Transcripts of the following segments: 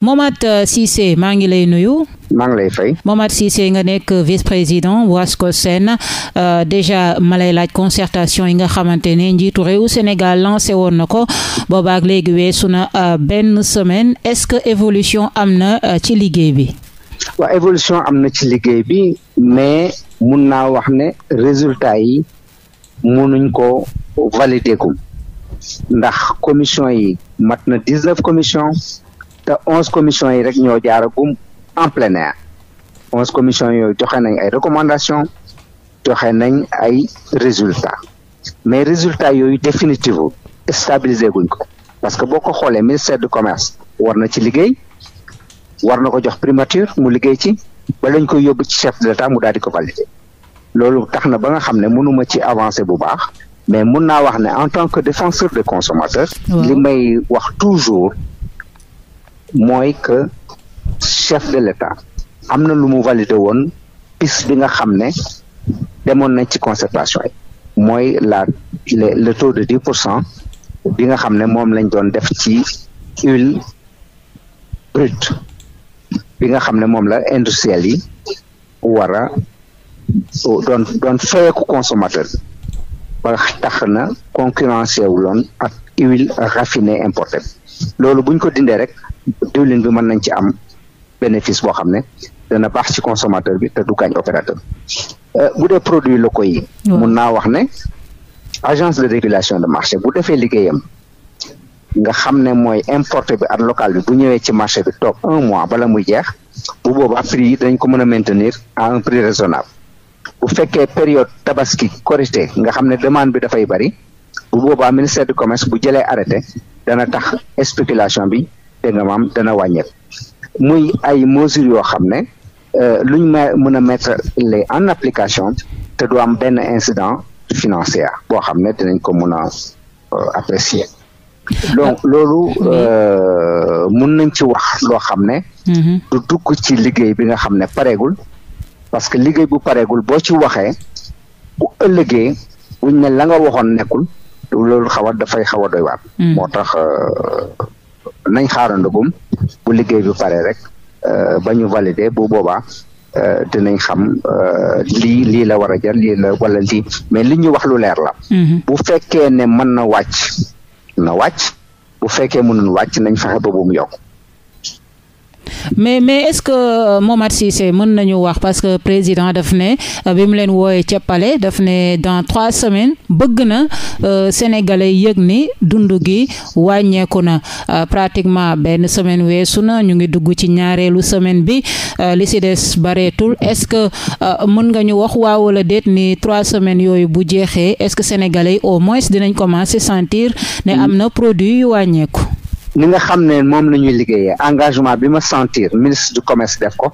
Momath euh, Cissé maa ngi lay nuyu. maa lay fay. Momath Cissé nga nekk vice-président bu Ascosen euh, déjà ma lay laaj concertation yi nga xamante ne njiitu réew Sénégal lancé woon na ko boobaak léegi weesu na euh, benn semaine est-ce que évolution am na ci liggéey bi. waaw évolution am na ci liggéey bi mais mun naa wax ne résultat yi munuñ ko valider ko ndax commission yi mat na dix-neuf commission te onze commission yi rek ñoo jaara jaaragum en plein air onze commission yooyu joxe nañ ay recommandation joxe nañ ay résultats mais résultat yooyu définitive stabiliser guñ ko parce que boo ko xoolee ministère du commerce war na ci liggéey war na ko jox primature mu liggéey ci ba lañ koy yóbbu ci chef de l'état mu daal di ko valider loolu tax na ba xam ne mënuma ci avancer bu baax mais mun naa wax ne en tant que défenseur des consommateurs. li may wax toujours mooy que chef de l'État am na lu mu validé woon piste bi nga xam ne demoon nañ ci concertation yi mooy la le, le taux de dix pour cent bi nga xam ne moom lañ doon def ci huile brute bi nga xam ne moom la industriel yi war a doon doon fayeeku consommateur ba tax na concurrence wu loon ak huile raffinée importée loolu buñ ko dindee rek diwlin bi mën nañ ci am bénéfice boo xam ne dana baax ci consommateur bi te du gaañ opérateur euh, bu dee produit locaux yi mun naa wax ne agence de régulation de marché bu defee liggéeyam nga xam ne mooy importé bi ak local bi bu ñëwee ci marché bi toog un mois bala muy jeex bu boobaa prix yi dañ ko mën a maintenir à un prix raisonnable bu fekkee période tabaski korité nga xam ne demande bi dafay bari bu boobaa ministère du commerce bu jëlee arrêté dana tax spéculation bi dégg nga dana wàññeeku muy ay mesures yoo xam ne euh, luñ ma mën a mettre le en application te du am benn incident financier boo xam ne dinañ ko mën a euh, apprécier donc ah. loolu mm-hmm. euh, mun nañ ci wax loo xam ne mm-hmm. du dugg ci liggéey bi nga xam ne pareegul parce que liggéey bu pareegul boo ci waxee bu ëllëgee buñ ne la nga waxoon nekkul loolu xaw a dafay xaw a doy waar. Hmm. moo tax euh, nañ xaarandagum bu liggéey bi pare rek euh, ba ñu valider bu boobaa euh, dinañ xam lii lii la war a jar lii la wala lii mais li ñu wax lu leer la. Hmm. bu fekkee ne mën na wàcc na wàcc bu fekkee mënul wàcc nañ fexe ba bu yokk. mais mais est-ce que euh, Momar Cissé mën nañu wax parce que président daf ne euh, bi mu leen wooyee ca daf ne dans trois semaines bëgg na euh, sénégalais yëg ni dund gi wàññeeku na pratiquement benn semaine weesu na ñu ngi dugg ci ñaareelu semaine bi li si des bareetul est-ce que mën nga ñu wax waaw wala déet ni trois semaines yooyu bu jeexee est-ce que sénégalais au moins dinañ commencer sentir ne am na produit yu wàññeeku. ni nga xam ne moom la ñuy liggéeyee engagement bi ma sentir ministre du commerce def ko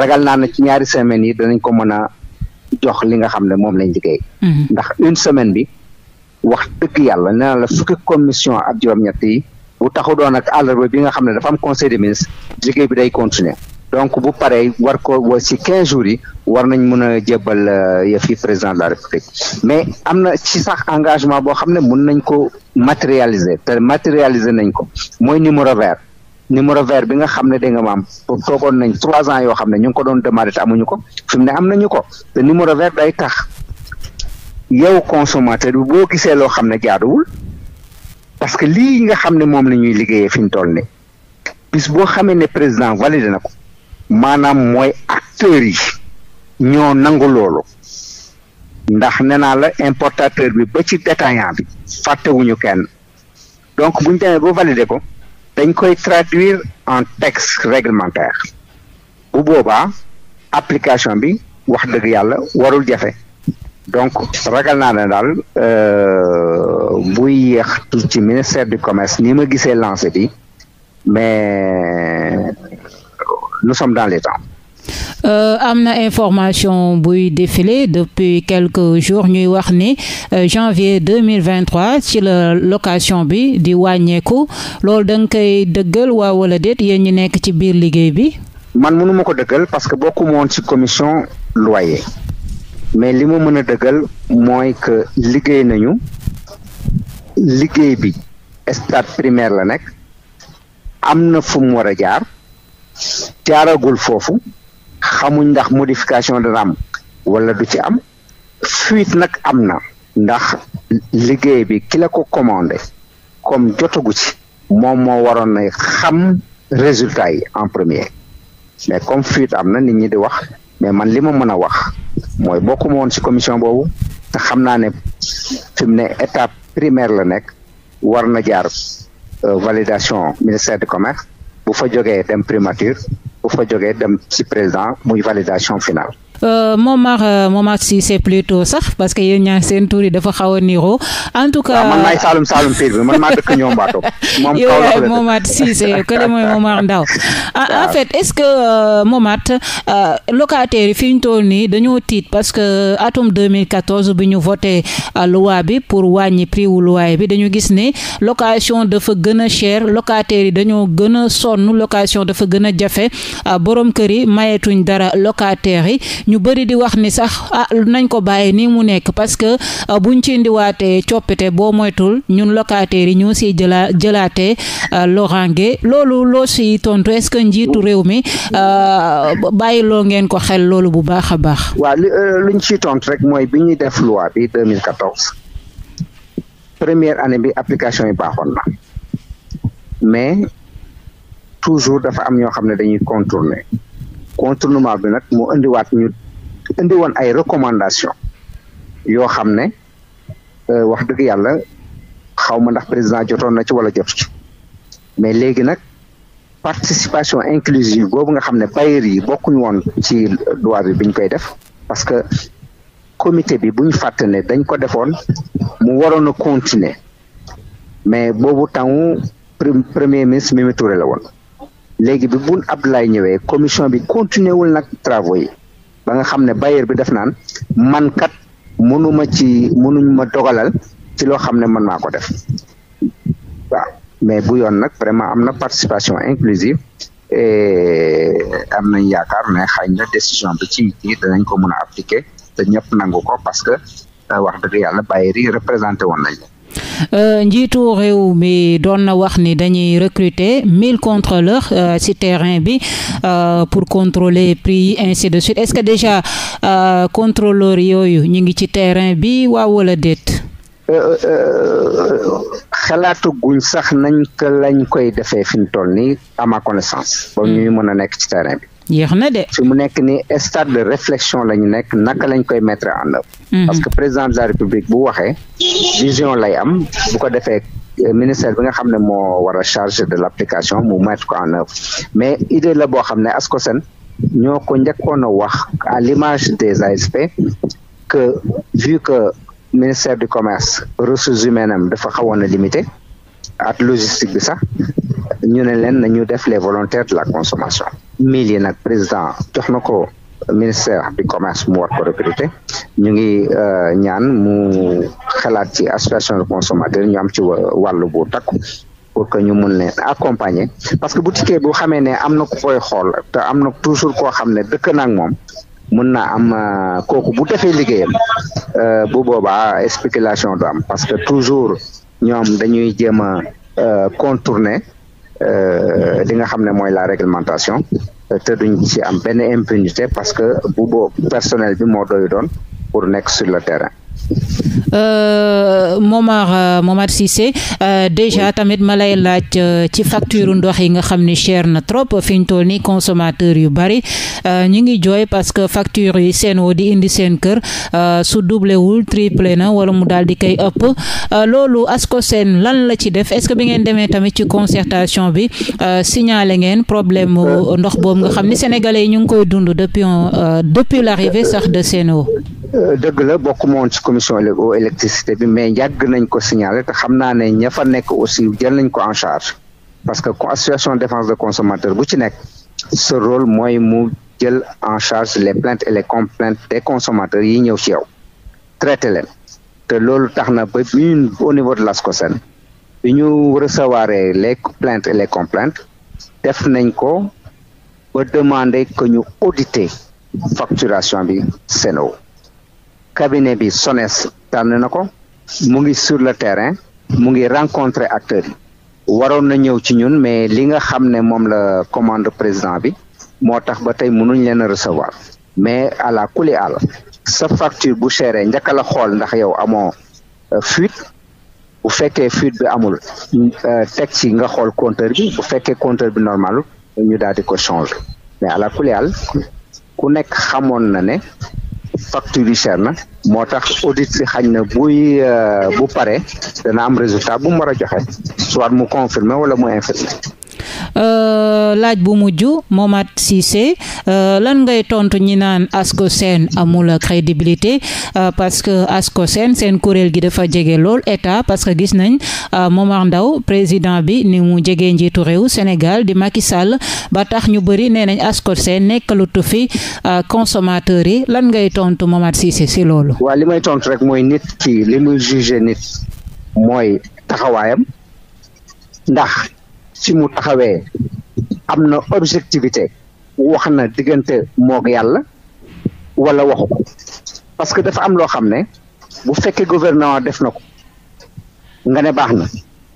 ragal naa ne ci ñaari semaines yi danañ ko mën a jox li nga xam ne moom lañ liggéey. Mhm. ndax une semaine bi wax dëgg yàlla nee na la fukki commission ak juróom-ñett yi bu taxu doon ak àllarba bi nga xam ne dafa am conseil des ministres liggéey bi day continuer donc bu paree war ko ci quinze jours yi war nañ mun a jébbal euh, yëf yi président de la république mais am na ci sax engagement boo xam ne mun nañ ko matérialiser te matérialiser nañ ko mooy numéro vert numéro vert bi nga xam ne da nga maam toogoon nañ trois ans yoo xam ne ñu ngi ko doon demandé te amuñu ko fi mu ne am nañu ko te numéro vert day tax yow consommateur bi boo gisee loo xam ne jaaduwul parce que lii nga xam ne moom la ñuy liggéeyee fi ñu toll nii bis boo xamee ne président validé na ko maanaam mooy acteurs yi ñoo nangu loolu ndax nee naa la importateur bi ba ci détaillant bi fàttewuñu kenn donc bu ñu demee ba valider ko dañ koy traduire en texte réglementaire bu boobaa application bi wax dëgg yàlla warul jafe donc ragal naa ne daal euh, buy yéex ci ministère du commerce ni ma gisee lancé bi mais nous sommes dans les temps. Euh, am na information buy défilé depuis quelque jours ñuy wax ni euh, janvier deux mille vingt trois ci la location bi di wàññeeku loolu da koy dëggal waa wala déet yéen ñi nekk ci biir liggéey bi. man mënuma ko dëggal parce que bokkuma woon ci commission loyer mais li ma mën a dëggal mooy que liggéey nañu liggéey bi stade primaire la nekk am na fu mu war a jaar. jaaragul foofu xamuñ ndax modification dana am wala du ci am fuite nag am na ndax liggéey bi ki la ko commandé comme jotagu ci moom moo waroon na xam résultat yi en premier mais comme fuite am na nit ñi di wax mais man li ma mën a wax mooy bokkuma woon ci commission boobu te xam naa ne fi mu ne étape primaire la nekk war na jaar euh, validation ministère du commerce bu fa jógee dem primature bu fa jógee dem ci président muy validation finale Euh, moom euh, Momar Cissé plutôt sax parce que yéen ñaa seen tur dafa xaw a en tout cas ah, man maay Saloum Saloum Pire bi man maa dëkk ñoom Bato. moom kaw la ah, en fait est-ce que euh, Momar locataires yi fi ñu toll nii dañoo tiit parce que atum 2014 bi ñu voté loi bi pour wàññi prix luwaay bi dañu gis ne location dafa gën a cher locataires yi dañoo gën a sonn location dafa gën a jafe borom kër yi mayetuñ dara locataires yi. ñu bëri di wax ni sax a ah, nañ ko bàyyi nii mu nekk parce que ah, buñ ci indiwaatee coppite boo moytul ñun locataires yi ñoo siy jëlaa jëlaatee ah, lorange loolu loo si tontu est-ce que njiitu réew mi bàyyi loo ngeen ko xel loolu bu baax a baax. waaw euh, luñ siy tontu rek mooy bi ñuy def loi bi 2014 première année bi application yi baaxoon na mais toujours dafa am ñoo xam ne dañuy contourner. contournement bi nag mu indiwaat ñu indi woon ay recommandation yoo xam ne euh, wax dëgg yàlla xaw ma ndax président jotoon na ci wala jot ci mais léegi nag participation inclusive boobu nga xam ne bailleurs yi bokkuñ woon ci loi bi biñ koy def parce que commité bi bu ñu ne dañ ko defoon mu waroon continuer mais boobu temps premier ministre Mimi Touré la woon léegi bi Boun Abdallah ñëwee commission bi continué wul nag travaux yi ba nga xam ne bailleur bi def naan man kat mënuma ci mënuñ ma dogalal ci loo xam ne man maa ko def waaw mais bu yoon nag vraiment am na participation inclusive et am nañ yaakaar ne xëy la décision bi ci kii danañ ko mën a appliquer te ñëpp nangu ko parce que euh, wax dëgg yàlla bailleur yi représenté woon nañ Euh, njiitu réew mi doon na wax ni dañuy recruter mille contrôleurs euh, ci terrain bi euh, pour contrôler prix yi ainsi de suite est-ce que déjà contrôleurs yooyu ñu ngi ci terrain bi waaw wala déet. xalaatu guñ sax nañ ko lañ koy defee fi mu toll nii à ma connaissance. ba ñuy hmm. mën a nekk ci terrain bi. yéex na de. fi mu nekk ni stade de réflexion la ñu nekk naka lañ koy mettre en œuvre. Mhm. parce que président de la république bu waxee vision lay am bu ko defee. Euh, ministère bi nga xam ne moo war a chargé de l' mu mettre ko en œuvre mais idée la boo xam ne sen ñoo ko njëkkoon a wax à l'image des ASP que vu que ministère du commerce ressources humaines am dafa xawoon a limité ak logistique bi sax ñu ne leen ñu def les volontaires de la consommation milliers nag président jox na ko ministère du commerce mu war ko ñu ngi euh, ñaan mu xalaat ci association de consommateur ñu am ci wàllu bu takku pour que ñu mun leen accompagner parce que bu tikkee bu xamee ne am na ku koy xool te am na toujours koo xam ne dëkk na moom mun naa am euh, kooku bu defee liggéeyam euh, bu boobaa spéculation du am parce que toujours ñoom dañuy jéem a contourner li nga xam ne mooy la réglementation te duñ ci am benn impunité parce que bu bo personnel bi moo doy doon pour nekk sur la terrain Euh, Momar euh, Momar Cissé euh, déjà tamit ma lay laaj ci facture ndox yi nga xam ni cher na trop fi ñu toll nii consommateur yu bari ñu ngi jooy parce que facture yi Sen'Eau di indi seen kër su doublé wul triplé na wala mu daal di koy ëpp loolu seen lan la ci def est que bi ngeen demee tamit ci concertation bi signalé ngeen problème ndox boobu nga xam ni sénégalais yi ñu ngi koy dund depuis depuis l'arrivée sax de Sen'Eau. dëgg commission électricité bi mais yàgg nañ ko signaler te xam naa ne ña fa nekk aussi jël nañ ko en charge parce que association défense de consommateur bu ci nekk ce rôle mooy mu jël en charge les plaintes et les complaintes des consommateurs yi ñëw ci yow traité leen te loolu tax na ba bi au niveau de l'ASCOSEN bi ñu recevoir les plaintes et les complaintes def nañ ko ba demander que ñu auditer facturation bi Sen'Eau cabinet bi SONES tànn na ko mu ngi sur le terrain mu ngi rencontrer acteurs yi waroon na ñëw ci ñun mais li nga xam ne moom la commande président bi moo tax ba tey mënuñ leen recevoir mais àla kuli àll sa facture bu chere njaka la xool ndax yow amoo euh, fuite bu fekkee fuite bi amul euh, teg ci nga xool compteur bi bu fekkee compteur bi normal ñu daal di ko changer mais àla kuli ku nekk xamoon na ne factures yi na moo tax audit bi xañ na buy euh, bu pare dana am résultat bu mu war a joxe soit mu confirmer wala mu infirmer Euh, laaj bu mujj Momath Cissé euh, lan ngay tontu ñi naan Ascosen amul crédibilité euh, parce que Ascosen seen kuréel gi dafa jege lool état parce que gis nañ Momar Ndao président bi ni mu jege njiitu réew Sénégal di Macky Sall ba tax ñu bëri nee nañ Ascosen nekkalutu fi consommateur yi lan ngay tontu Momath Cissé si loolu. waaw li may tontu rek mooy nit ki li muy jugé nit mooy taxawaayam ndax. si mu taxawee am na objectivité wax na diggante moog yàlla wala waxu ko parce que dafa am loo xam ne bu fekkee gouvernement def na ko nga ne baax na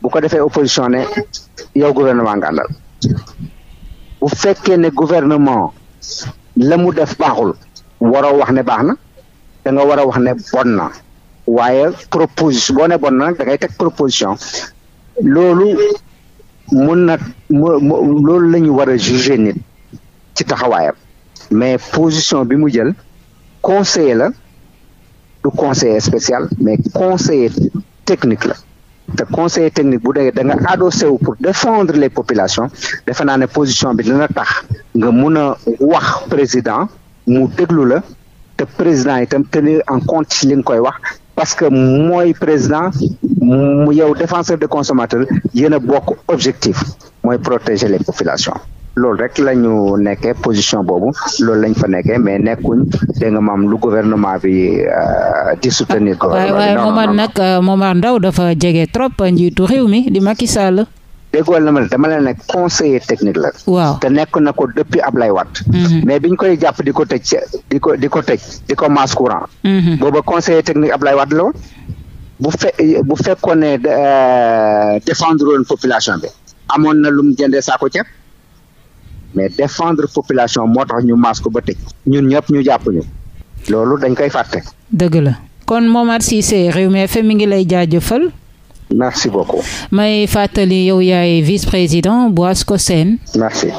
bu ko defee opposition ne yow gouvernement nga àndal bu fekkee ne gouvernement la mu def baaxul waroo wax ne baax na danga nga war a wax ne bon na waaye proposition boo ne bon na nag da ngay teg proposition loolu mun nag loolu la ñu war a juger nit ci taxawaayam mais position bi mu jël conseiller la du conseiller spécial mais conseiller technique la te conseiller technique bu dee da nga adossé wu pour défendre les populations defe naa ne position bi dina tax nga mun a wax président mu déglu la te président itam tenir en compte ci li nga koy wax parce que mooy président mu yow défenseur de consommateur yéen a bokk objectif mooy protéger les population loolu rek la ñu nekkee position boobu loolu lañ fa nekkee mais nekkuñ dégg maam lu gouvernement bi euh, di soutenir ko waaye waaye euh, Ndao dafa jege trop njiitu réew mi di Macky déggoo la ma ne dama leen ne conseiller technique la. waaw te nekk na ko depuis Ablaye Wade. Mhm. mais biñ koy jàpp di ko tëj di ko di ko tëj di ko masse courant. Mhm. booba conseiller technique Ablaye Wade la woon bu fe bu euh, woon population bi amoon na lu mu jëndee saako ceeb mais défendre population moo tax ñu masse ko ba tëj ñun ñëpp ñu jàpp ñu loolu dañ koy fàtte. dëgg la kon Momar Cissé Rewmi FM mi ngi lay jaajëfal. merci beaucoup. may fàttali yow yaay vice-président bu ASCOSEN.